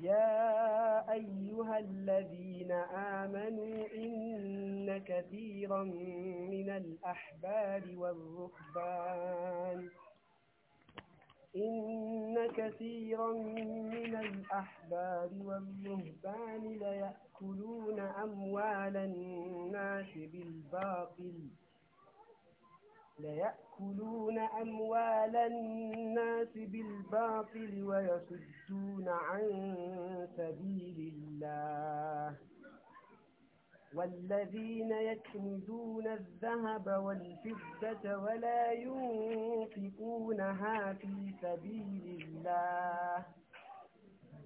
يا أيها الذين آمنوا إن كثيرا من الأحبار والرهبان إن كثيرا من الأحبار والرهبان ليأكلون أموال الناس بالباطل يأكلون أموال الناس بالباطل ويصدون عن سبيل الله والذين يكنزون الذهب والفضة ولا ينفقونها في سبيل الله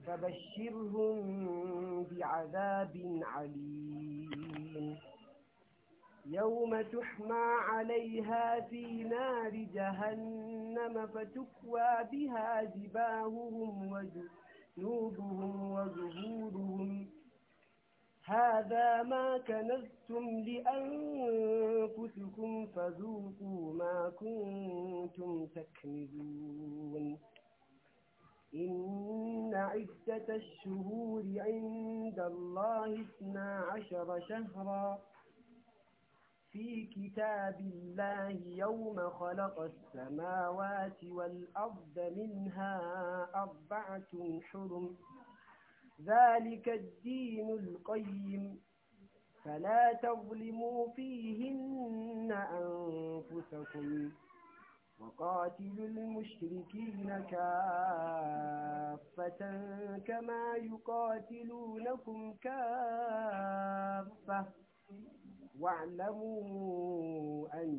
فبشرهم بعذاب عليم يوم تحمى عليها في نار جهنم فتكوى بها جباههم وجنوبهم وظهورهم هذا ما كنزتم لأنفسكم فذوقوا ما كنتم تكنزون إن عدة الشهور عند الله اثنا عشر شهرا في كتاب الله يوم خلق السماوات والأرض منها أربعة حرم ذلك الدين القيم فلا تظلموا فيهن أنفسكم وقاتلوا المشركين كافة كما يقاتلونكم كافة واعلموا أن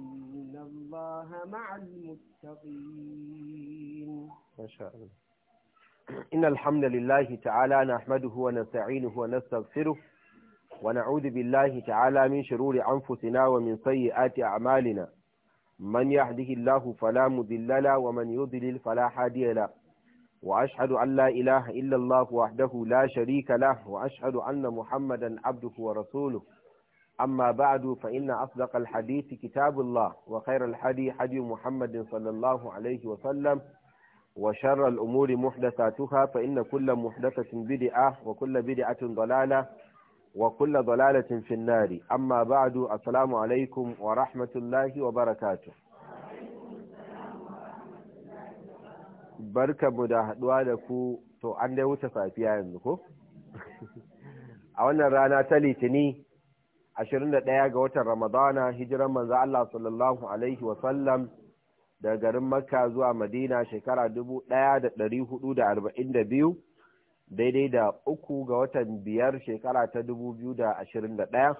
الله مع المتقين ما شاء الله إن الحمد لله تعالى نحمده ونستعينه ونستغفره ونعوذ بالله تعالى من شرور أنفسنا ومن سيئات أعمالنا من يهده الله فلا مضل له ومن يضلل فلا هادي له وأشهد أن لا إله إلا الله وحده لا شريك له وأشهد أن محمدا عبده ورسوله أما بعد فإن أصدق الحديث كتاب الله وخير الحدي حدي محمد صلى الله عليه وسلم وشر الأمور محدثاتها فإن كل محدثة بدعة وكل بدعة ضلالة وكل ضلالة في النار أما بعد السلام عليكم ورحمة الله وبركاته barka mu da haɗuwa da ku to an dai wuce safiya yanzu ko a wannan rana ta litini 21 ga watan Ramadana hijiran manzo Allah sallallahu alaihi wa sallam daga garin Makka zuwa Madina shekara 1442 daidai da uku ga watan biyar shekara ta 2021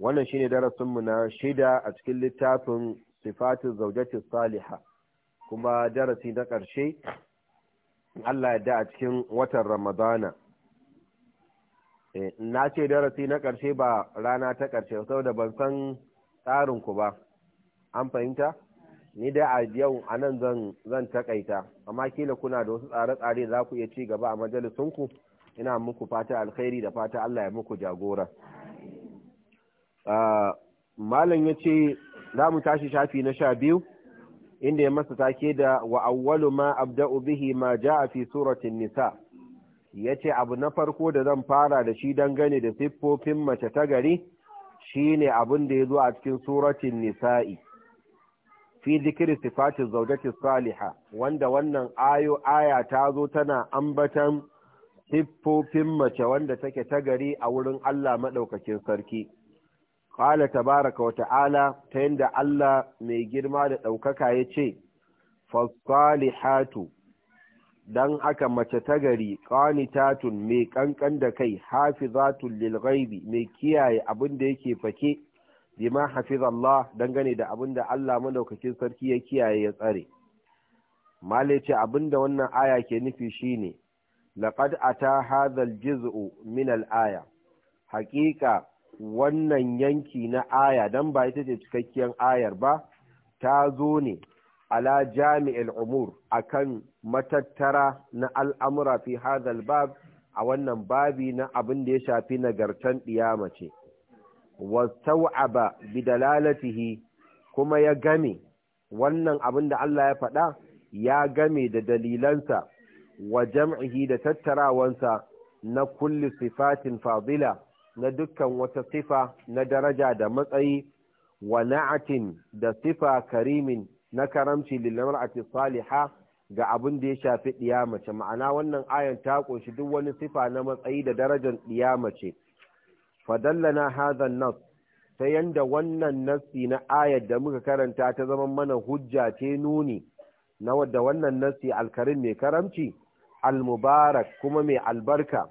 wannan shine darasin mu na shida a cikin littafin sifatu zaujati saliha kuma darasi na ƙarshe Allah ya da a cikin watan Ramadana Eh, na ce darasi na ƙarshe ba rana ta ƙarshe saboda ban san tsarin ku ba an fahimta ni dai a yau a nan zan takaita amma kila kuna da wasu tsare-tsare za ku iya ci gaba a majalisinku ina muku fata alkhairi da fata Allah ya muku jagora ah, malam ya ce za mu tashi shafi na sha biyu inda ya masa take da wa awwalu ma abda'u bihi ma ja'a fi suratin nisa' ya ce abu na farko da zan fara da shi dangane da siffofin mace ta gari shi ne abin da ya zo a cikin suratun nisa'i fi zikiri sifatin zaujati saliha wanda wannan ayo aya ta zo tana ambatan siffofin mace wanda take ta gari a wurin Allah maɗaukakin sarki Kala tabaraka wa ta'ala ta yadda Allah mai girma da ɗaukaka ya ce, Fasalihatu dan aka mace ta gari qanitatun mai kankan da kai hafizatul lil ghaibi mai kiyaye abin da yake fake bima hafizallah gane da abin da Allah madaukakin sarki ya kiyaye ya tsare malai ce abin da wannan aya ke nufi shine laqad ata hadhal juz'u min al aya haqiqa wannan yanki na aya dan ba ita ce cikakkiyar ayar ba ta zo ne ala jami'il umur akan matattara na al'amura fi hadal bab a wannan babi na abin da ya shafi nagartan ɗiyamace. wastau'aba bi bidalalatihi kuma ya game wannan abin da Allah ya faɗa ya game da dalilansa wa jam'ihi da tattarawansa na kulli sifatin fadila na dukkan wata sifa na daraja da matsayi wa na'atin da sifa karimin na karamci lilmar'ati saliha ga abin da ya shafi ɗiya mace ma'ana wannan ayan ta ƙunshi duk wani sifa na matsayi da darajar ɗiya mace fadallana hadhan nas ta yanda wannan nassi na ayar da muka karanta ta zama mana hujja ce nuni na wadda wannan nassi alkarin mai karamci almubarak kuma mai albarka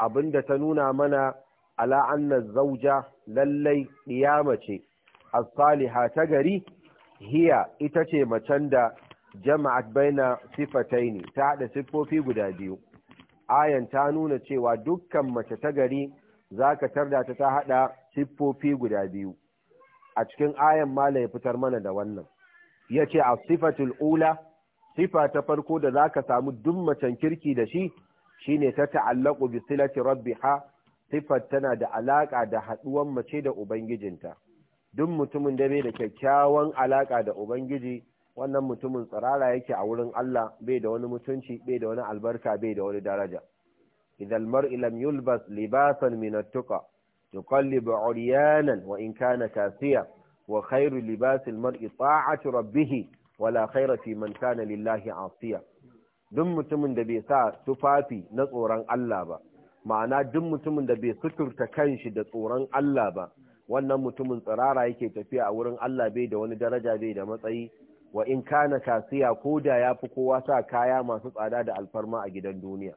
abinda ta nuna mana ala zauja lallai ɗiya mace as-saliha ta gari hiya ita ce macen da jama'at baina sifatai ne, ta haɗa siffofi guda biyu ayan ta nuna cewa dukkan mace ta gari za ka tarda ta haɗa siffofi guda biyu a cikin ayan malam ya fitar mana da wannan Ya ce a sifatul ula sifa ta farko da za ka samu duk macen kirki da shi shi ne ta ta'allaku bi silati rabbiha sifar tana da alaƙa da haɗuwan mace da ubangijinta duk mutumin da bai da kyakkyawan alaka da ubangiji wannan mutumin tsirara yake a wurin Allah bai da wani mutunci bai da wani albarka bai da wani daraja idan mar'i yulbas libasan min at-tuqa yuqallibu uryanan wa in kana kasiya wa khairu libasil mar'i ta'atu rabbih wala khaira fi man kana lillahi asiya duk mutumin da bai sa tufafi na tsoron Allah ba ma'ana duk mutumin da bai suturta kanshi da tsoron Allah ba wannan mutumin tsirara yake tafiya a wurin Allah bai da wani daraja bai da matsayi wa in kana kasiya ko da ya fi kowa sa kaya masu tsada da alfarma a gidan duniya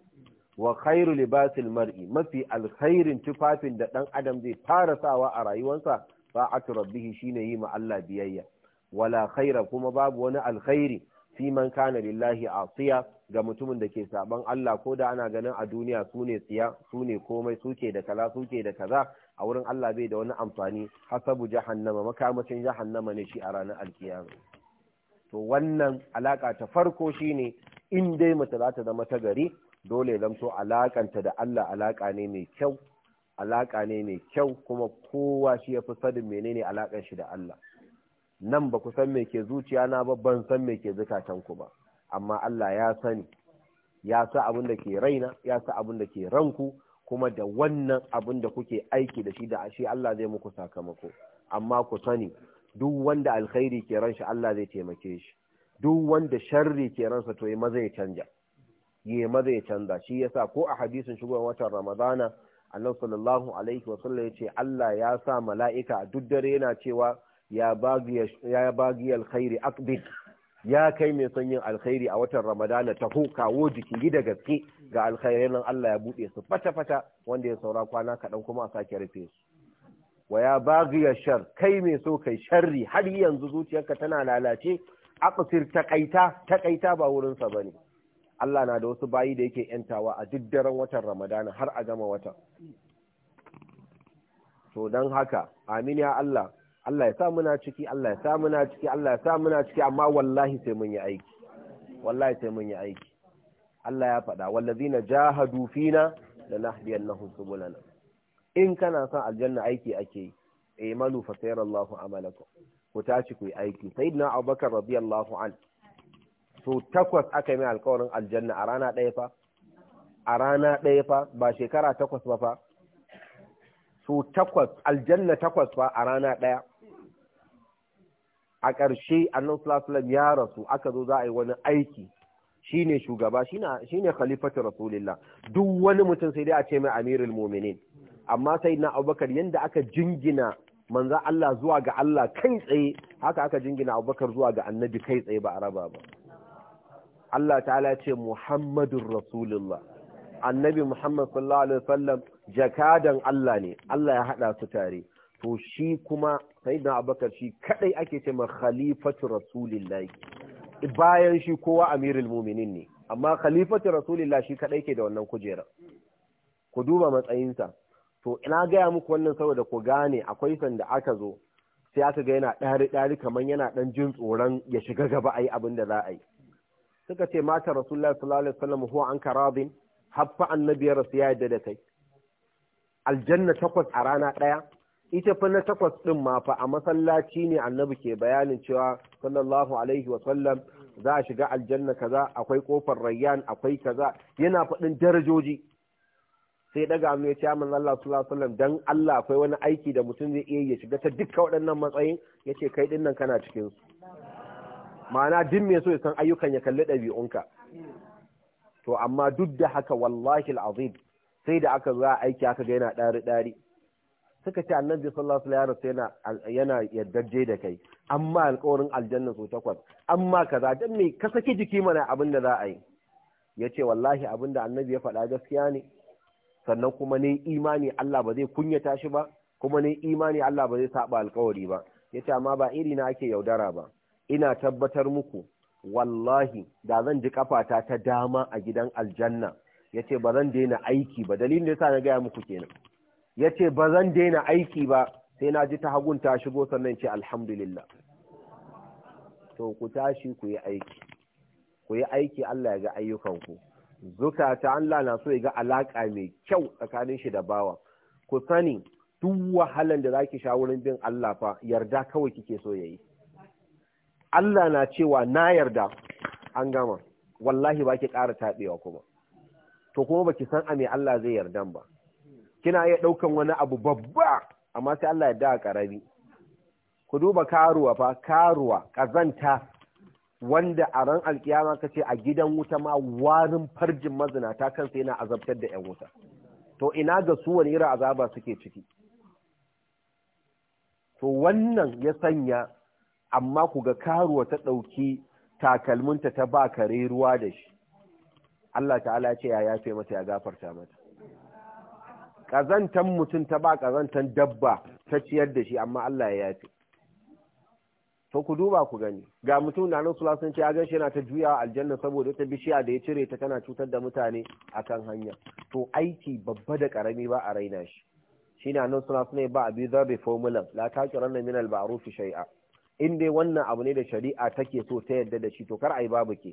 wa khairu libasil mar'i mafi alkhairin tufafin da dan adam zai fara sawa a rayuwarsa atu rabbihi shine yi ma Allah biyayya wala khaira kuma babu wani alkhairi fi man kana lillahi asiya ga mutumin da ke saban Allah ko da ana ganin a duniya su ne tsiya su ne komai suke da kala suke da kaza a wurin Allah bai da wani amfani hasabu jahannama makamacin jahannama ne shi a ranar alkiyama to wannan alaka ta farko shine in dai mace za ta zama ta gari dole zamto alakanta da Allah alaka ne mai kyau alaka ne mai kyau kuma kowa shi ya fi sadin menene alakan shi da Allah nan ba ku san me ke zuciya na ba ban san me ke zukatan ku ba amma Allah ya sani ya sa abin da ke raina ya sa abin da ke ranku kuma da wannan abin da kuke aiki da shi da ashe Allah zai muku sakamako amma ku sani duk wanda alkhairi ke ransa Allah zai taimake shi duk wanda sharri ke ransa to maza ya canja ya maza ya canza shi yasa ko a hadisin shigo watan Ramadana Allah sallallahu alaihi wa sallam yace Allah ya sa mala'ika duk dare yana cewa ya bagi ya bagi alkhairi aqbid ya kai mai son yin alkhairi a watan ramadana ta ko kawo jiki da gaske ga alkhairi nan Allah ya buɗe su fata-fata wanda ya saura kwana kaɗan kuma a sake rufe su wa ya baghiya shar kai mai so kai sharri har yanzu zuciyarka tana lalace aqsir takaita taƙaita ba wurin sa ne. Allah na da wasu bayi da yake yantawa a duk daren watan ramadana har a gama watan to don haka amin ya Allah Allah ya sa muna ciki Allah ya sa muna ciki Allah ya sa muna ciki amma wallahi sai mun yi aiki wallahi sai mun yi aiki Allah ya faɗa wallazina jahadu fina lanahdiyannahum subulana in kana son aljanna aiki ake yi malu fa sayarallahu amalakum ku tashi ku yi aiki sayyidina Abubakar radiyallahu an so takwas aka yi mai alƙawarin aljanna a rana ɗaya fa a rana ɗaya fa ba shekara takwas ba fa so takwas aljanna takwas fa a rana ɗaya a ƙarshe annan sulasulam ya rasu aka zo za a yi wani aiki shine shugaba shine khalifatu rasulillah duk wani mutum sai dai a ce mai amirul mu'minin amma sai na abubakar yadda aka jingina manza Allah zuwa ga Allah kai tsaye haka aka jingina abubakar zuwa ga annabi kai tsaye ba a raba ba Allah ta'ala ya ce muhammadun rasulullah annabi muhammad sallallahu alaihi wasallam jakadan Allah ne Allah ya haɗa su tare to shi kuma da abubakar shi kadai ake ce ma khalifatu rasulillahi bayan shi kowa amirul mu'minin ne amma khalifatu rasulillah shi kadai ke da wannan kujera ku duba matsayinsa to ina gaya muku wannan saboda ku gane akwai sanda aka zo sai aka ga yana ɗari ɗari kamar yana ɗan jin tsoron ya shiga gaba a abin da za a yi suka ce mata rasulullahi sallallahu alaihi wasallam huwa an karabin haffa annabiyar rasu ya yadda da kai aljanna takwas a rana ɗaya ita fa na takwas ɗin ma fa a masallaci ne annabi ke bayanin cewa sallallahu alaihi wa sallam za a shiga aljanna kaza akwai kofar rayyan akwai kaza yana faɗin darajoji sai daga hannu ya ce amin Allah sallallahu wasallam dan Allah akwai wani aiki da mutum zai iya ya shiga ta dukkan waɗannan matsayin yace kai din nan kana cikin su ma'ana din me so ya san ayyukan ya kalli ɗabi'unka to amma duk da haka wallahi alazim sai da aka zo aiki aka ga yana ɗari ɗari suka ce annabi sallallahu alaihi wasallam yana yana yaddaje da kai amma alƙawarin aljanna su takwas amma kaza dan me ka saki jiki mana abin da za a yi yace wallahi abin da annabi ya faɗa gaskiya ne sannan kuma ne imani Allah ba zai kunyata shi ba kuma ne imani Allah ba zai saba alƙawari ba yace amma ba iri na ake yaudara ba ina tabbatar muku wallahi da zan ji kafata ta dama a gidan aljanna yace ba zan daina aiki ba dalilin da yasa na gaya muku kenan ya ce ba zan daina aiki ba sai na ji ta hagun ta shigo sannan ce alhamdulillah to ku tashi ku yi aiki ku yi aiki Allah ya ga ayyukanku zukata Allah na so ya ga alaƙa mai kyau tsakanin shi da bawa ku sani duk wahalan da zaki sha wurin bin Allah fa yarda kawai kike so yayi Allah na cewa na yarda an gama wallahi baki ƙara taɓewa kuma to kuma baki san a me Allah zai yarda ba kina iya ɗaukan wani abu babba amma sai Allah ya da ƙarami ku duba karuwa fa karuwa ƙazanta wanda a ran alkiyama ka ce a gidan wuta ma warin farjin mazinata kansa yana azabtar da 'yan wuta to ina ga su wani ira azaba suke ciki to wannan ya sanya amma ku ga karuwa ta ɗauki takalminta ta ba kare ruwa da shi Allah ta'ala ce ya yafe mata ya gafarta mata ƙazantan mutum ta ba ƙazantan dabba ta ciyar da shi amma Allah ya yafe to ku duba ku gani ga mutum na nan sula sun ce ya ganshi yana ta juyawa aljanna saboda ta bishiya da ya cire ta tana cutar da mutane a kan hanya to aiki babba da karami ba a raina shi shi na nan suna suna ba abi zarri formula la nan min al ba'ruf shay'a in dai wannan abu ne da shari'a take so ta yadda da shi to kar ai babu ke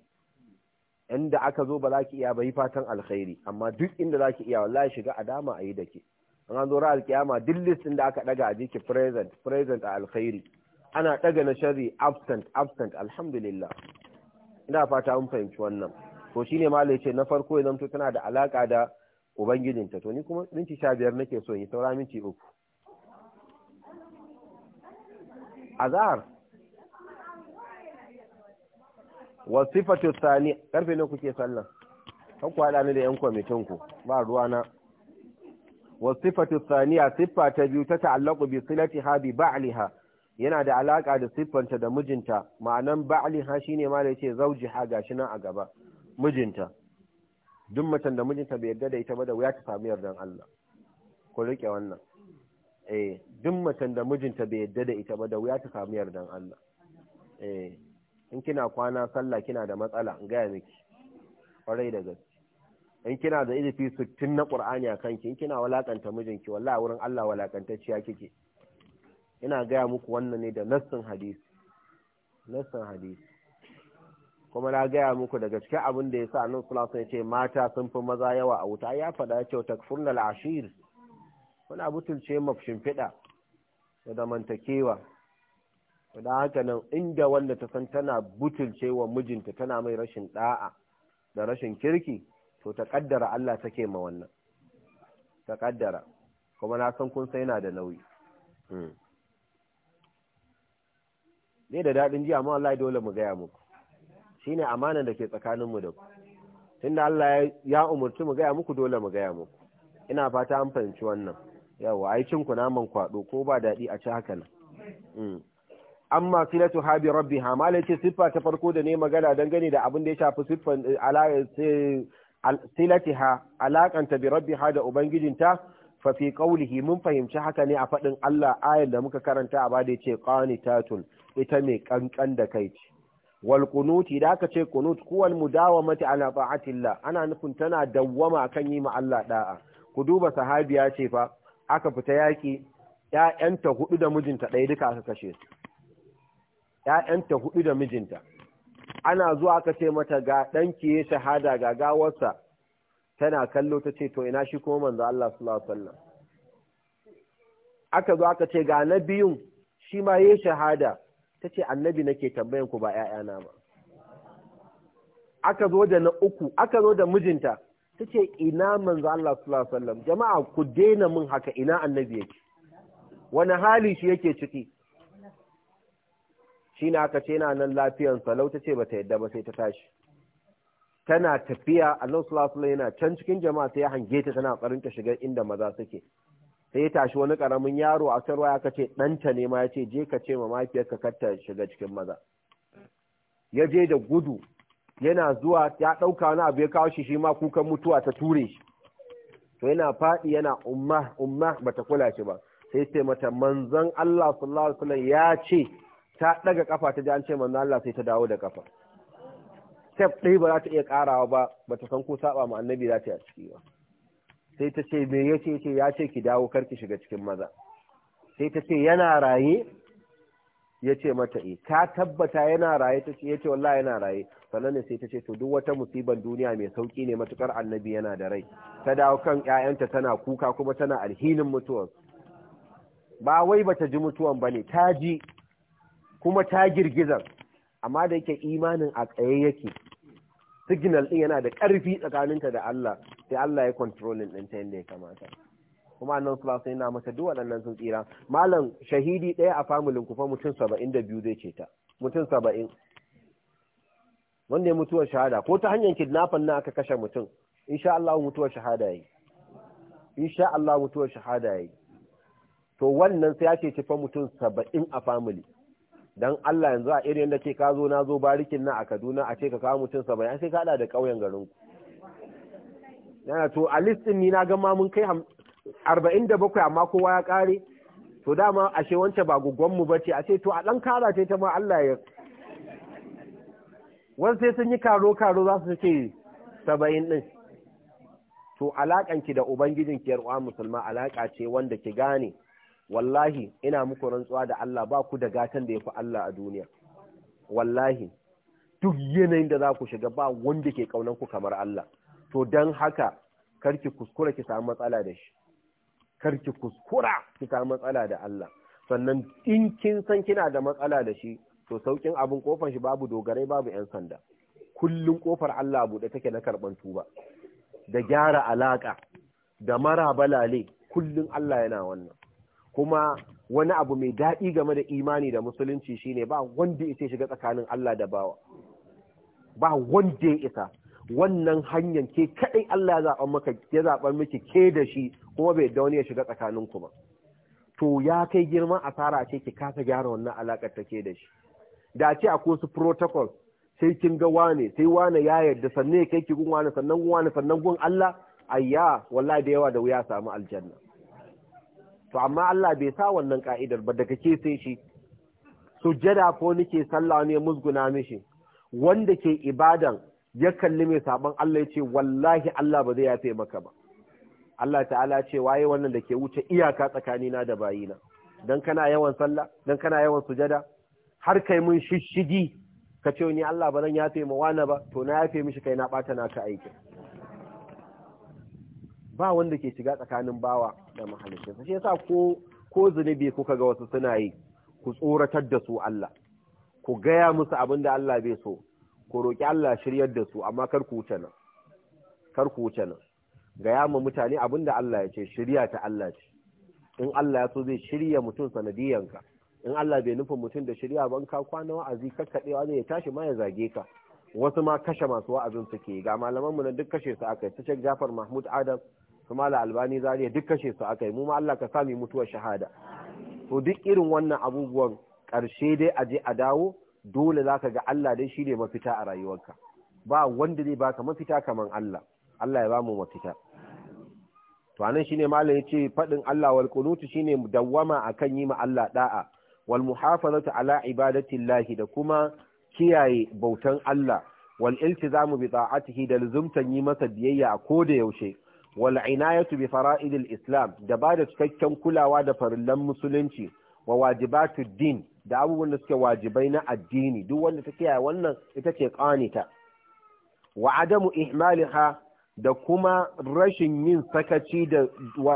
inda aka zo ba za ki iya bai fatan alkhairi amma duk inda za ki iya wallahi shiga a dama a yi da ke an zo ra alkiyama duk list da aka daga a jiki present present a alkhairi ana daga na shari absent absent alhamdulillah ina fata mun fahimci wannan to shine malai ce na farko idan to tana da alaka da ubangijinta to ni kuma minti sha biyar nake so yi saura minti uku azhar wa sifatu tsani karfe ne kuke sallah kan ku hada ni da yan kwamitinku, ku ba ruwa na wa sifatu thaniya siffa ta biyu ta ta'allaqu bi ha bi ba'liha yana da alaka da siffanta da mijinta ma'anan ba'liha shine ma da zauji ha, gashi nan a gaba mijinta duk macen da mijinta bai yarda da ita ba da wuya ta samu yardan Allah ku rike wannan eh duk macen da mijinta bai yarda da ita ba da wuya ta samu yardan Allah eh in kina kwana sallah kina da matsala in gaya miki kwarai da gaske in kina da izifi sittin na qur'ani a kanki in kina walakanta mijinki wallahi wurin Allah walakantacciya kike ina gaya muku wannan ne da nassin hadisi nassin hadisi kuma na gaya muku da gaske abin da ya sa nan yace ce mata sun fi maza yawa a wuta ya faɗa ya ce takfurnal ashir kuna butulce mafshin fiɗa da mantakewa da haka nan inda wanda ta san tana butulce wa mijinta tana mai rashin da'a da rashin kirki to ta kaddara Allah take ma wannan ta kaddara kuma na san kun sai yana da nauyi ne hmm. da daɗin ji amma Allah dole mu gaya muku shine amanan da ke tsakaninmu da ku tunda Allah ya umurci mu gaya muku dole mu gaya muku ina fata an fahimci wannan yawa ai cin ku naman kwado ko ba daɗi a ci haka nan hmm. amma silatu habi ha malai ce siffa ta farko da ne magana dangane da abin da ya shafi eh, eh, silati ha alakanta bi ha da ubangijinta fa fi qawlihi mun fahimci haka ne a faɗin Allah ayar da muka karanta a bada yace qanitatun ita mai kankan da kai ce wal qunuti da aka ce qunut kuwal mudawamati ala ta'atillah ana nufin tana dawwama kan yi ma Allah da'a ku duba sahabiya ce fa aka fita yaki 'ya'yanta hudu da mijinta ɗaya duka aka kashe su ‘ya'yanta hudu da mijinta, ana zuwa aka ce mata ga ɗanki ya shahada ga gawarsa, tana kallo ta ce, To, ina shi kuma manzo Allah sallam. Aka zo aka ce ga na biyun shi ma ya shahada, ta ce, Annabi nake tambayan ku ba ‘ya'yana ba. Aka zo da na uku, aka zo da mijinta, ta ce, Ina manzo Allah sallam, jama'a ku daina min haka ina annabi yake, wani hali shi yake ciki. shi na aka ce yana nan lafiyan salau ta ce ba ta yadda ba sai ta tashi tana tafiya a sallallahu alaihi yana can cikin jama'a sai ya hange ta tana tsarin ta shiga inda maza suke sai ya tashi wani karamin yaro a sarwa aka ce ɗanta ne ma ya ce je ka ce ma mahaifiyarka kar ta shiga cikin maza ya je da gudu yana zuwa ya ɗauka wani abu ya kawo shi shi ma kukan mutuwa ta ture shi to yana faɗi yana umma umma bata kula shi ba sai ce mata manzon Allah sallallahu alaihi ya ce ta ɗaga kafa ta ji an ce manzo Allah sai ta dawo da kafa step ɗaya ba za ta iya karawa ba bata san ko saba ma annabi za ta yi a ciki ba sai ta ce me yace yace ya ce ki dawo karki shiga cikin maza sai ta ce yana raye ya ce mata e ta tabbata yana raye ta ce ya ce wallahi yana raye sannan ne sai ta ce to duk wata musibar duniya mai sauki ne matukar annabi yana da rai ta dawo kan ƴaƴanta tana kuka kuma tana alhinin mutuwar ba wai bata ji mutuwan bane ta ji kuma ta girgizar amma da yake imanin a tsaye yake signal din yana da ƙarfi tsakaninta da Allah sai Allah ya controlling ta yadda ya kamata kuma annan su sai yana masa duk waɗannan sun tsira malam shahidi ɗaya a familin fa mutum saba'in da biyu zai ce ta mutum saba'in wanda ya mutuwar shahada ko ta hanyar kidnapping na aka kashe mutum insha Allah mutuwar shahada yi insha Allah mutuwar shahada yi. to wannan sai ya ce fa mutum saba'in a family dan Allah yanzu a irin da ce ka zo na zo barikin na a Kaduna a ce ka kawo mutum saba'in sai ka hada da ƙauyen garin ku yana to a list din ni na ga ma mun kai 47 da bakwai amma kowa ya ƙare to dama ashe wancan ba gugon mu bace a ce to a dan kara ta ma Allah ya wani sai sun yi karo karo za su ce 70 din. to ki da ubangijin ki uwa musulma alaƙa ce wanda ki gane wallahi ina muku rantsuwa da Allah ba ku da gatan da ya fi Allah a duniya wallahi duk yanayin da za ku shiga ba wanda ke kaunan ku kamar Allah to don haka karki kuskura ki samu matsala da shi karki kuskura ki samu matsala da Allah sannan in kin san kina da matsala da shi to saukin abin kofar shi babu dogarai babu yan sanda Kullum kofar Allah buɗe take na karban tuba da gyara alaka da mara balale kullun Allah yana wannan kuma wani abu mai daɗi game da imani da musulunci shine ba wanda ya shiga tsakanin Allah da bawa ba wanda ya isa wannan hanyar ke kaɗai Allah ya zaɓa maka ya zaɓa miki ke da shi kuma bai da wani ya shiga tsakanin ku ba to ya kai girma asara ce ki kasa gyara wannan ta ke da shi da ce a su protocol sai kin ga wane sai wane ya yarda sannan ya kai ki gun wane sannan gun wane sannan gun Allah ayya wallahi da yawa da wuya samu aljanna to amma Allah bai sa wannan ka'idar ba daga ke sai shi sujjada ko nake sallah ne musguna mishi wanda ke ibadan ya kalli mai sabon Allah ya ce wallahi Allah ba zai yafe maka ba Allah ta'ala ya ce waye wannan da ke wuce iyaka tsakanina da bayina dan kana yawan sallah dan kana yawan sujada har kai mun shishigi ka ce ni Allah ba zan yafe ma wani ba to na yafe mishi kai na bata naka aikin ba wanda ke shiga tsakanin bawa da mahalicin shi yasa ko ko zunubi kuka ga wasu suna yi ku tsoratar da su Allah ku gaya musu abin da Allah bai so ku roki Allah shiryar da su amma kar ku wuce nan kar ku wuce nan gaya ma mutane abin da Allah ya ce shirya ta Allah ce in Allah ya so zai shirya mutum sanadiyanka in Allah bai nufin mutum da shirya ban ka kwana wa'azi kakkadewa zai tashi ma ya zage ka wasu ma kashe masu wa'azin suke ga malaman mu na duk kashe su aka yi ta Jafar Mahmud Adam su mala albani zariya duk kashe su aka yi mu ma Allah ka sami mutuwar shahada to duk irin wannan abubuwan ƙarshe dai a je a dawo dole za ka ga Allah dai shi ne mafita a rayuwarka ba wanda zai baka mafita kaman Allah Allah ya ba mu mafita to anan shine malam yace fadin Allah wal qunut shine dawwama akan yi ma Allah da'a wal muhafazatu ala ibadatillahi da kuma kiyaye bautan Allah wal iltizamu bi ta'atihi da luzumtan yi masa biyayya a koda yaushe wal inayatu bi fara'idil islam da ba da cikakken kulawa da farillan musulunci wa wajibatu din da abubuwan da suke wajibai na addini duk wanda ta kiyaye wannan ita ce qanita wa adamu ihmaliha da kuma rashin yin sakaci da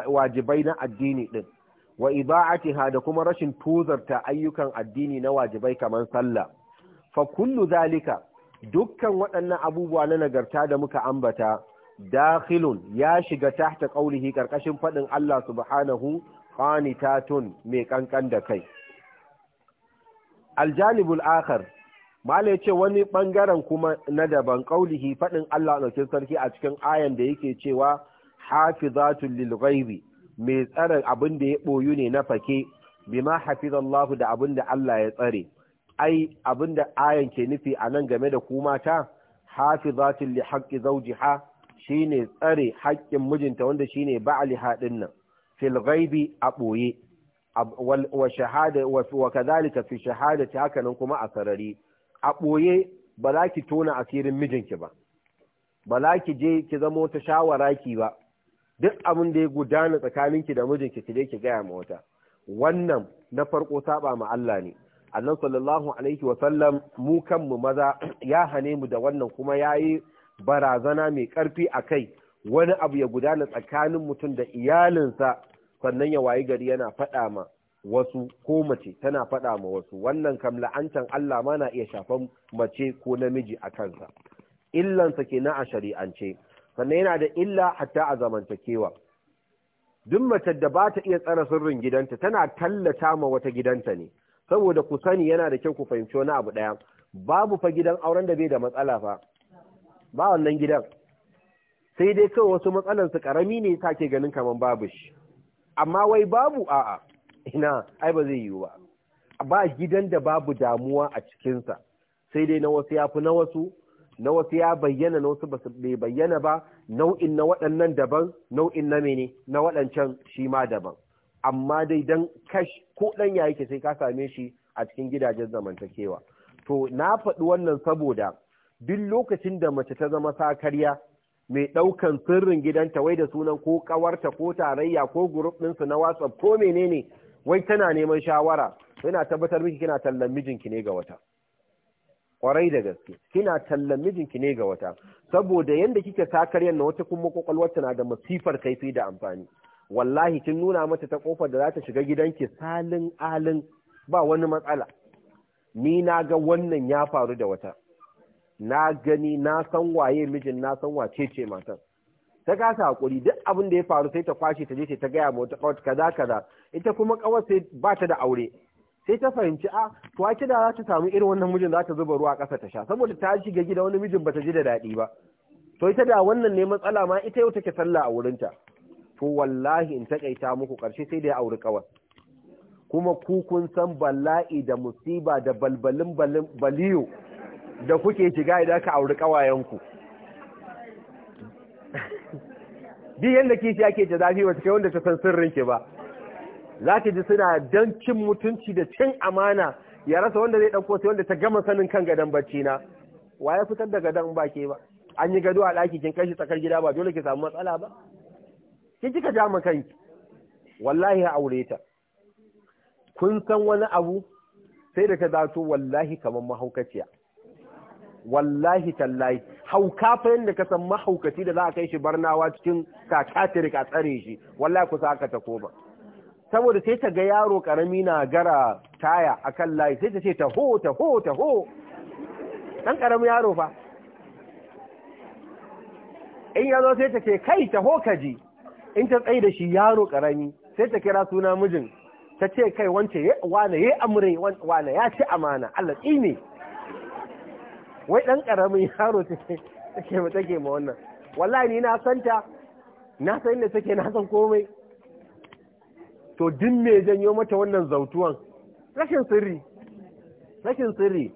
wajibai na addini din wa iba'atiha da kuma rashin tuzarta ayyukan addini na wajibai kamar sallah fa kullu zalika dukkan waɗannan abubuwa na nagarta da muka ambata dakhilun ya shiga tahta qaulihi karkashin fadin Allah subhanahu qanitatun mai kankan da kai aljalibul akhar malai ce wani bangaren kuma na daban qaulihi fadin Allah dauke sarki a cikin ayan da yake cewa hafizatul lil ghaibi mai tsare abin da ya boyu ne na fake bima hafizallahu da abin da Allah ya tsare ai abin da ayan ke nufi anan game da ku mata hafizatul li haqqi zawjiha shine tsare haƙƙin mijinta wanda shine ba'ali hadin nan fil ghaibi a wa shahada wa fi ta haka nan kuma a sarari a ɓoye ba za ki tona asirin mijinki ba ba za ki je ki zama wata shawara ki ba duk abin da ya gudana tsakaninki da mijinki ki je ki gaya ma wata wannan na farko saba ma Allah ne annabi sallallahu alaihi wa sallam mu kanmu maza ya hane mu da wannan kuma yayi barazana mai ƙarfi a kai wani abu ya gudana tsakanin mutum da iyalinsa sannan ya wayi gari yana faɗa ma wasu ko mace tana faɗa ma wasu wannan kam la'antar Allah ma na iya shafan mace ko namiji a kansa illansa ke na a shari'ance sannan yana da illa hatta a zamantakewa duk mace da ba ta iya tsara sirrin gidanta tana tallata ma wata gidanta ne saboda ku sani yana da kyau ku fahimci wani abu ɗaya babu fa gidan auren da bai da matsala fa ba wannan gidan sai dai kawai wasu matsalansu karami ne ke ganin kamar babu shi amma wai babu a'a ina ai ba zai yiwu ba ba gidan da babu damuwa a cikinsa sai dai na wasu ya fi na wasu na wasu ya bayyana na wasu bai bayyana ba nau'in na waɗannan daban nau'in na mene na waɗancan shi ma daban amma dai dan kash ko ɗan ya yake sai ka same shi a cikin gidajen zamantakewa to na faɗi wannan saboda duk lokacin da mace ta zama sakarya mai ɗaukan sirrin gidanta wai da sunan ko ƙawarta ko tarayya ko gurup ɗinsu na whatsapp ko menene wai tana neman shawara yana tabbatar miki kina tallan mijinki ne ga wata kwarai da gaske kina tallan mijinki ne ga wata saboda yadda kike sakaryan na wata kuma kwakwalwarta na da masifar kaifi da amfani wallahi kin nuna mata ta kofar da za ta shiga gidanki salin alin ba wani matsala ni na ga wannan ya faru da wata na gani na san waye mijin na san wace ce matan ta kasa hakuri duk abin da ya faru sai ta kwashe ta je ta gaya ma wata kawai kaza kaza ita kuma kawai sai ba ta da aure sai ta fahimci a ah, to ake da za ta samu irin wannan mijin za ta zuba ruwa kasa ta sha saboda ta shiga gida wani mijin bata ji da daɗi ba to ita da wannan ne matsala ma ita yau take sallah a wurinta to wallahi in takaita muku karshe sai da ya auri kawai kuma ku kun san bala'i da musiba da balbalin baliyo da kuke shiga idan ka auri ku? Bi yadda kishi ake ta zafi wata kai wanda ta san sirrin ki ba za ki ji suna don cin mutunci da cin amana ya rasa wanda zai ɗauko sai wanda ta gama sanin kan gadon bacci na wa ya fitar da gadon ba ke ba an yi gado a ɗaki kin kai shi tsakar gida ba dole ki samu matsala ba ki kika ja ma kanki wallahi ya aure ta kun san wani abu sai da ta zato wallahi kamar mahaukaciya wallahi tallahi hauka fa yanda ka san mahaukaci da za a kai shi barnawa cikin kakatir a tsare shi wallahi kusa aka ta ba saboda sai ta ga yaro karami na gara taya akan layi sai ta ce ta ho ta ho ta ho dan karamin yaro fa in yazo sai ta ce kai ta ho kaji in ta tsaye da shi yaro karami sai ta kira suna mijin ta ce kai wance wane ya amure wane ya ci amana Allah ne wai ɗan ƙaramin yaro take take ma wannan wallahi ni na santa na san inda take na san komai to din me janyo mata wannan zautuwan rashin sirri rashin sirri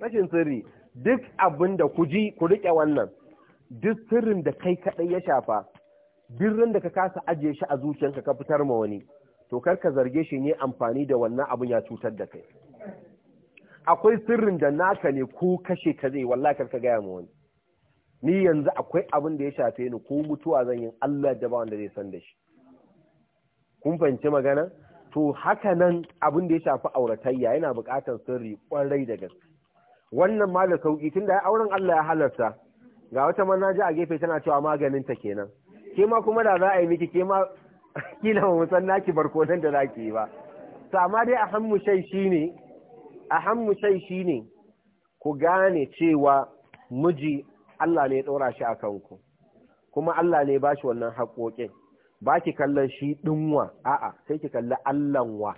rashin sirri duk abin da ku ji ku riƙe wannan duk sirrin da kai kaɗai ya shafa birrin da ka kasa ajiye shi a zuciyarka ka fitar ma wani to kar ka zarge shi ne amfani da wannan abin ya cutar da kai akwai sirrin da naka ne ko kashe ka zai wallahi ka gaya ma wani ni yanzu akwai abin da ya shafe ni ko mutuwa zan yi Allah da ba wanda zai san da shi kun fahimci magana to haka nan abin da ya shafi auratayya yana buƙatar sirri ƙwarai da gaske wannan ma da sauƙi tunda auren Allah ya halarta ga wata manaja a gefe tana cewa maganin ta kenan ke ma kuma da za a yi miki ke ma kila mu san naki barkonan da zaki yi ba to amma dai a hannu shai shine ahammu shi ne ku gane cewa miji Allah ne ya ɗora shi a kanku kuma Allah ne ba shi wannan haƙoƙin ba ki kallon shi ɗinwa a'a sai ki kalli Allahnwa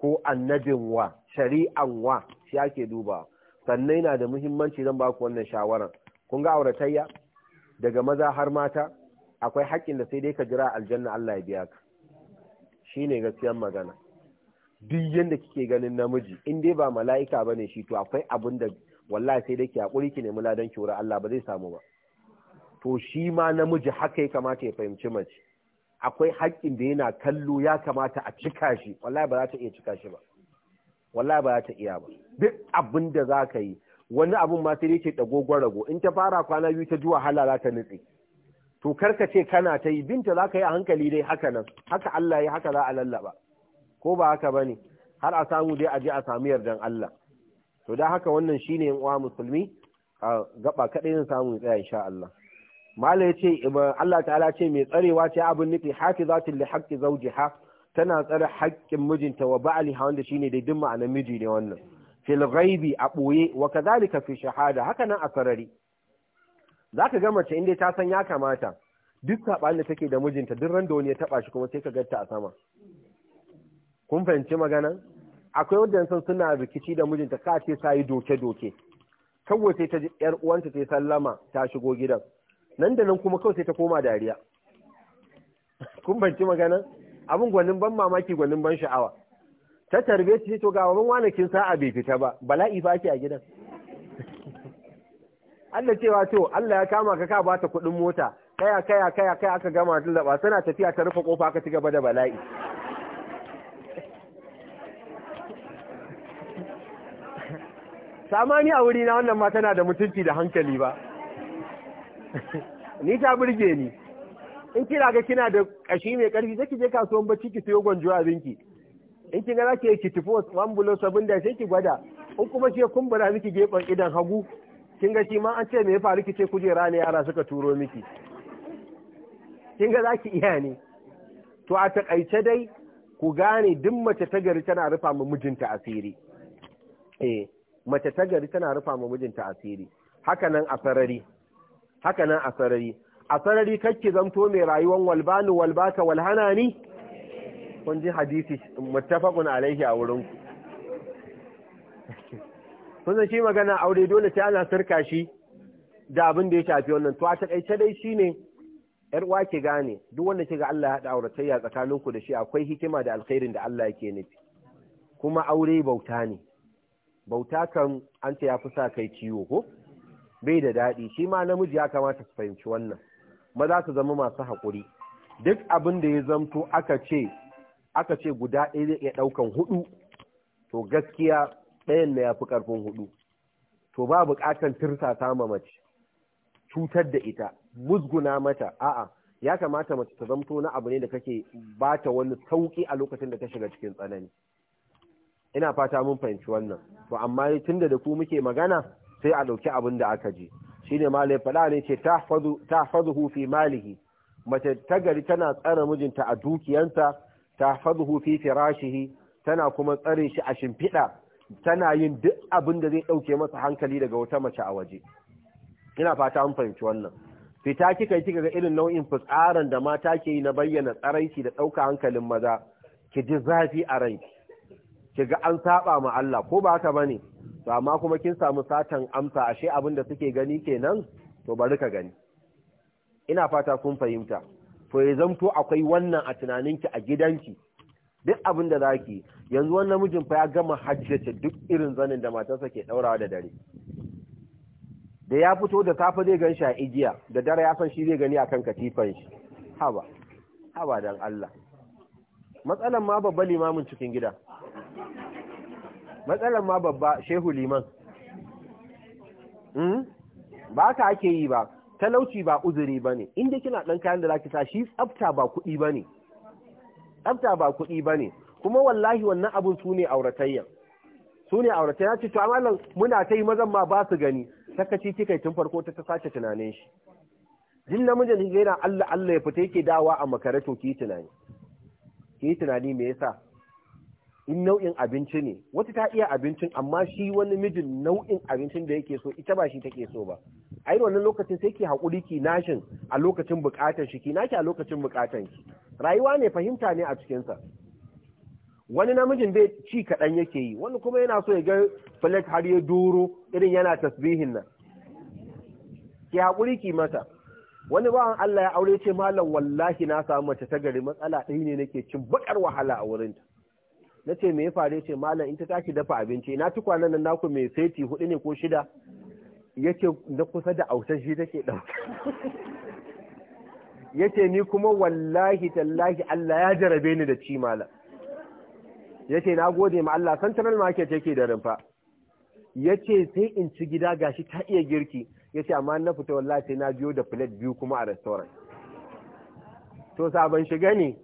ko annabinwa shari'anwa shi ake dubawa sannan yana da muhimmanci zan ba ku wannan shawarar kun ga auratayya daga maza har mata akwai haƙƙin da sai dai ka jira aljanna Allah ya biya ka shine gaskiyar magana duk yadda kike ganin namiji in dai ba mala'ika ba ne shi to akwai abin da wallahi sai dai ki hakuri ki nemi ladan ki wurin Allah ba zai samu ba to shi ma namiji haka ya kamata ya fahimci mace akwai haƙƙin da yana kallo ya kamata a cika shi wallahi ba za ta iya cika shi ba wallahi ba za ta iya ba duk abin da za ka yi wani abin ma sai dai ke rago in ta fara kwana biyu ta ji wahala za ta nutse to kar ka ce kana ta yi binta za ka yi a hankali dai haka nan haka Allah ya haka za a lallaba ko ba haka ba ne, har a samu dai a je a samu yardan Allah to da haka wannan shine yan uwa musulmi a gaba kadai zan samu tsaya insha Allah mala yace Allah ta'ala ce mai tsarewa ce abin nufi hafizatul li haqqi zawjiha tana tsare haƙƙin mijinta wa ba'ali ha wanda shine dai duk ma'anar miji ne wannan fil ghaibi a boye wa zalika fi shahada haka nan a sarari zaka ga mace inda ta san ya kamata duk saɓanin da take da mijinta duk ran wani ya taɓa shi kuma sai ka gatta a sama kun fahimci magana akwai wanda san suna rikici da mijinta ka ce ta yi doke-doke kawai sai ta ji yar uwanta ta sallama ta shigo gidan nan da nan kuma kawai sai ta koma dariya kun fahimci magana abin gwanin ban mamaki gwanin ban sha'awa ta tarbe ta to ga wani wanakin sa'a bai fita ba bala'i fa ake a gidan Allah cewa to Allah ya kama ka ka ba ta kuɗin mota kaya kaya kaya kaya aka gama tun da ba suna tafiya ta rufe kofa aka ci gaba da bala'i samani a wuri na wannan ma tana da mutunci da hankali ba ni ta burge ni in kina ga kina da kashi mai karfi sai ki je kasuwan bacci ki sayo gwanjo abinki in kin ga zaki ki tafi one bulo sabun da sai ki gwada in kuma ce kumbura miki gefen idan hagu kin ga shi ma an ce me ya faru ki ce kujera ne yara suka turo miki kin ga zaki iya ne to a takaice dai ku gane duk mace ta gari tana rufa mu mijinta asiri eh mace ta gari tana rufa ma mijinta asiri haka nan a sarari haka nan a sarari a sarari kake zamto mai rayuwan walbanu walbaka walhanani kun ji hadisi muttafaqun alaihi a wurin ku kun san shi magana aure dole sai ana sirka shi da abin da ya shafi wannan to a takaice dai shine yar uwa ki gane duk wanda kiga Allah ya hada auratayya tsakaninku da shi akwai hikima da alkhairin da Allah yake nufi kuma aure bauta ne bauta kan an ce ya fi sa kai ciwo ko bai da daɗi shi ma namiji ya kamata su fahimci wannan maza su zama masu haƙuri duk abin da ya zamto aka ce aka ce guda ɗaya zai iya ɗaukan hudu to gaskiya ɗayan na ya fi ƙarfin hudu to ba buƙatar tirsasa ma mace cutar da ita musguna mata a'a ya kamata mace ta zamto na abu ne da kake bata wani sauƙi a lokacin da ta shiga cikin tsanani ina fata mun fahimci wannan to amma tunda da ku muke magana sai a ɗauki abin da aka ji shine malai fada ne ce tahfazu tahfazuhu fi malihi mace ta gari tana tsare mijinta a dukiyansa tahfazuhu fi firashihi tana kuma tsare shi a shimfiɗa tana yin duk abin da zai ɗauke masa hankali daga wata mace a waje ina fata mun fahimci wannan fita kika yi kika ga irin nau'in fitsarin da mata ke yi na bayyana tsaraici da ɗauka hankalin maza ki ji zafi a ranki kiga an saba ma Allah ko ba haka bane to amma kuma kin samu satan amsa ashe abin da suke gani kenan to bari ka gani ina fata kun fahimta to ya akwai wannan a tunaninki a gidanki duk abin da zaki yanzu wannan mijin fa ya gama hajjace duk irin zanin da matarsa ke daurawa da dare da ya fito da safe zai gan shi a igiya da dare ya san shi zai gani akan katifan shi haba haba dan Allah matsalan ma babban limamin cikin gida matsalar ma babba shehu liman hmm? ba ka ake yi ba talauci ba uzuri ba ne inda kina ɗan kayan da za ki sa shi tsafta ba kuɗi ba ne tsabta ba kuɗi ba ne kuma wallahi wannan abin su ne auratayya su ne auratayya ce to amma muna ta yi mazan ma ba su gani sakaci kika tun farko ta ta sace tunanin shi jin namijin yana Allah Allah ya fita yake dawa a makare to ki tunani ki tunani me yasa in nau'in abinci ne wata ta iya abincin amma shi wani mijin nau'in abincin da yake so ita ba shi take so ba a yi wannan lokacin sai ke haƙuri ki nashin a lokacin buƙatar shi ki nashi a lokacin buƙatar ki rayuwa ne fahimta ne a cikinsa wani namijin bai ci kaɗan yake yi wani kuma yana so ya ga flake har ya doro irin yana tasbihin nan ki haƙuri ki mata wani bawan Allah ya aure ce Mallam wallahi na samu mace ta gari matsala ɗaya ne nake cin baƙar wahala a wurinta na ce me ya faru ce malam in ta tashi dafa abinci na kwanan nan naku mai seti hudu ne ko shida yace na kusa da autar shi take dauka yace ni kuma wallahi tallahi Allah ya jarabe ni da ci malam yace na gode ma Allah central market yake da rumfa yace sai in ci gida gashi ta iya girki yace amma na fita wallahi sai na biyo da plate biyu kuma a restaurant to sabon shiga ne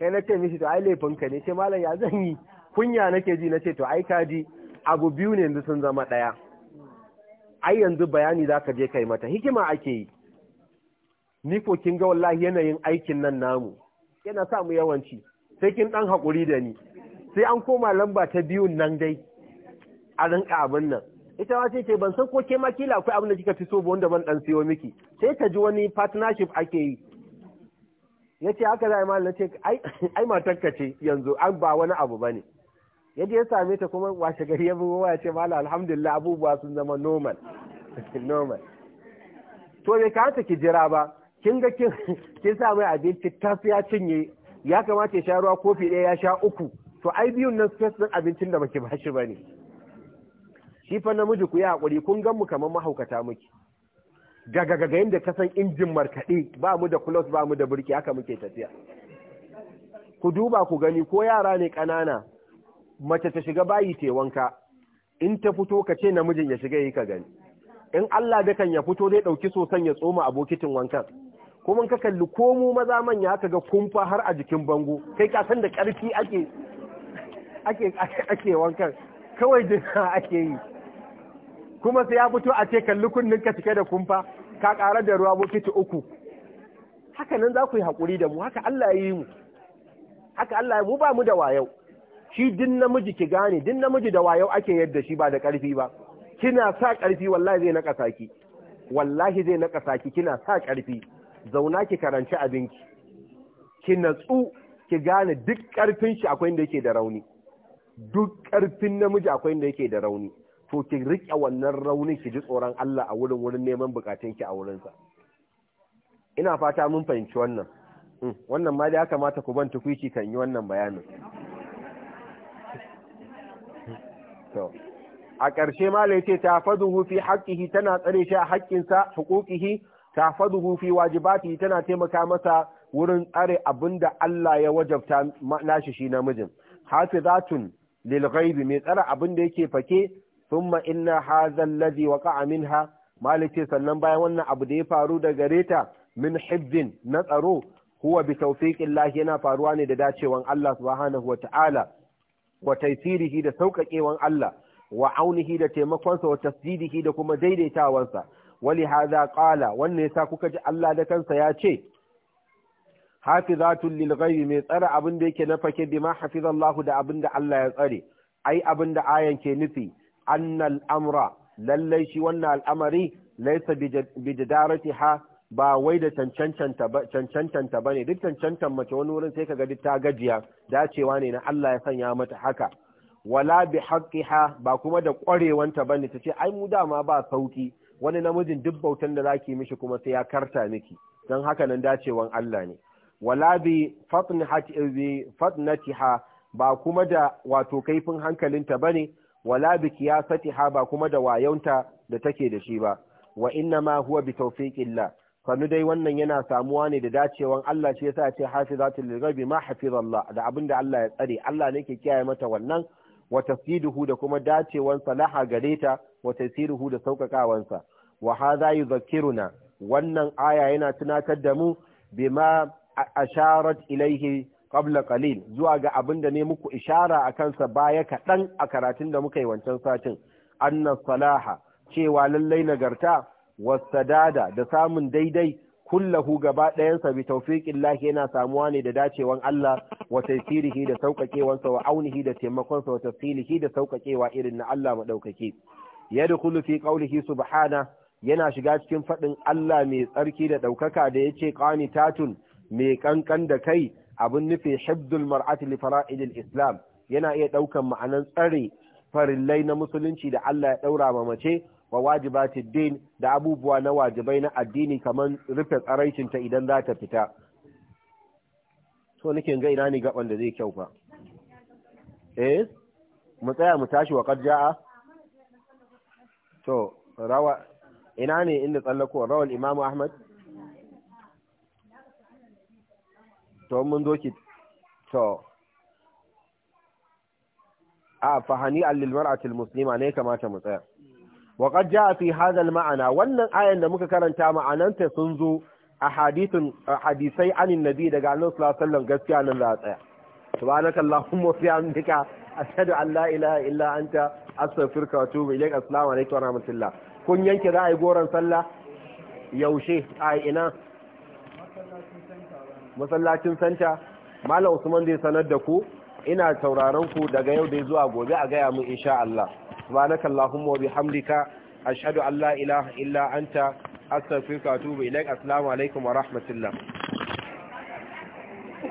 sai na ce mishi to ai laifinka ne Sai malam ya zan yi kunya nake ji na ce to ai kaji abu biyu ne yanzu sun zama ɗaya ai yanzu bayani za ka je kai mata hikima ake yi ni ko kin ga wallahi yanayin aikin nan namu yana sa mu yawanci sai kin dan hakuri da ni sai an koma lamba ta biyu nan dai a rinka abin nan ita ma ce ban san ko ke ma kila akwai abin da kika fi so ba wanda ban dan siyo miki sai ka ji wani partnership ake yi ya ce haka zai malam ce ai matarka ce yanzu an ba wani abu ba ne yadda ya same ta kuma washe gari ya buwa ya ce malam alhamdulillah abubuwa sun zama normal normal to bai kamata ki jira ba kin ga kin sa mai abinci tafi ya cinye ya kamata ya sha ruwa kofi daya ya sha uku to ai biyun nan space din abincin da baki ba shi bane shi fa namiji ku yi hakuri kun gan mu kamar mahaukata muke gaga gaga yadda ka san injin markaɗe ba mu da kulos ba mu da birki haka muke tafiya ku duba ku gani ko yara ne ƙanana mace ta shiga bayi te wanka in ta fito ka ce namijin ya shiga yi ka gani in Allah da kan ya fito zai ɗauki sosan ya tsoma a bokitin wankan kuma ka kalli ko mu maza manya ka ga kumfa har a jikin bango kai ka san da ƙarfi ake ake wankan kawai dinka ake yi kuma sai ya fito a ce kalli kunnin ka cike da kumfa ka ƙara da ruwa bokiti uku haka nan za ku yi haƙuri da mu haka Allah ya yi mu haka Allah ya mu ba mu da wayau shi din namiji ki gane din namiji da wayau ake yadda shi ba da ƙarfi ba kina sa ƙarfi wallahi zai naƙasa ki wallahi zai naƙasa ki kina sa ƙarfi zauna ki karanci abinki ki natsu ki gane duk ƙarfin shi akwai inda yake da rauni duk ƙarfin namiji akwai inda yake da rauni to ki riƙe wannan raunin ki ji tsoron Allah a wurin wurin neman bukatun ki a wurinsa ina fata mun fahimci wannan mm, wannan ma da ya kamata ku ban tukuici kan yi wannan bayanin to a ƙarshe ce ta tafaduhu fi haqqihi tana tsare shi a sa huquqihi tafaduhu fi wajibatihi tana taimaka masa wurin tsare abinda Allah ya wajabta nashi shi namijin hafizatun lil ghaibi mai tsare abinda yake fake ثم inna هذا الذي وقع منها مالكي ce sannan bayan wannan abu da ya faru da gareta min hibbin na tsaro huwa bi tawfiqillahi yana faruwa ne da dacewan Allah subhanahu wa ta'ala wa taysirihi da saukakewan Allah wa aunihi da taimakonsa wa tasdidihi da kuma daidaitawansa wali hadha qala wannan yasa kuka ji Allah da kansa ya ce hafizatul lil ghaibi mai tsare abin da yake na fake ma hafizallahu da abin da Allah ya tsare ai abin da ayan ke nufi annal amra lallai shi wannan al'amari laisa bijidaratiha ba wai da cancantanta ba ne duk cancantan mace wani wurin sai kaga duk ta gajiya dacewa ne na Allah ya sanya mata haka wala bi ba kuma da kwarewanta bane ta ce ai mu dama ba sauki wani namijin duk bautan da zaki mishi kuma sai ya karta miki dan haka nan dacewan Allah ne wala bi fatnati ba kuma da wato kaifin hankalinta bane wala bi qiyasatiha ba kuma da wayonta da take da shi ba wa inna huwa bi tawfiqillah kanu dai wannan yana samuwa ne da dacewan Allah shi yasa ce hafizatul lilghabi ma hafizallah da abinda Allah ya tsare Allah ne ke kiyaye mata wannan wa tafsiduhu da kuma dacewan salaha gare ta wa da saukakawansa wa hadha yuzakkiruna wannan aya yana tunatar da mu bima asharat ilaihi qabla qalil zuwa ga abin da ne muku ishara a kansa baya kaɗan a karatun da muka yi wancan satin anna salaha cewa lallai nagarta wasadada da samun daidai kullahu gaba ɗayansa bi tawfiqin lahi yana samuwa ne da dacewan Allah wa taysirihi da sauƙaƙewansa wa aunihi da taimakonsa wa tafsilihi da sauƙaƙewa irin na Allah madaukake yadkhulu fi qawlihi subhana yana shiga cikin faɗin Allah mai tsarki da ɗaukaka da yace tatun mai kankan da kai abin nufi hibdul mar'ati li fara'idil islam yana iya ɗaukan ma'anan tsare farillai na musulunci da Allah ya daura ma mace wa wajibatid din da abubuwa na wajibai na addini kamar rufe ta idan za ta fita so nake ga ina ne ga da zai kyau fa eh mu tsaya mu tashi wa ja'a to rawa ina ne inda tsallako rawal imamu ahmad to mun zo ki to a fahani allil mar'atil muslima ne kamata mu tsaya wa qad jaa fi hadha al ma'ana wannan ayan da muka karanta ma'ananta sun zo a hadisai anin nabi daga annabi sallallahu alaihi wasallam gaskiya nan za tsaya subhanaka wa bihamdika ashhadu an la ilaha illa anta astaghfiruka wa atubu ilayka assalamu alaikum wa rahmatullah kun yanke za a yi goron sallah yaushe a ina masallacin santa malam usman zai sanar da ku ina tauraron ku daga yau dai zuwa gobe a gaya mu insha Allah subhanaka allahumma wa bihamdika ashhadu an la ilaha illa anta astaghfiruka wa atubu ilaik assalamu alaikum wa rahmatullah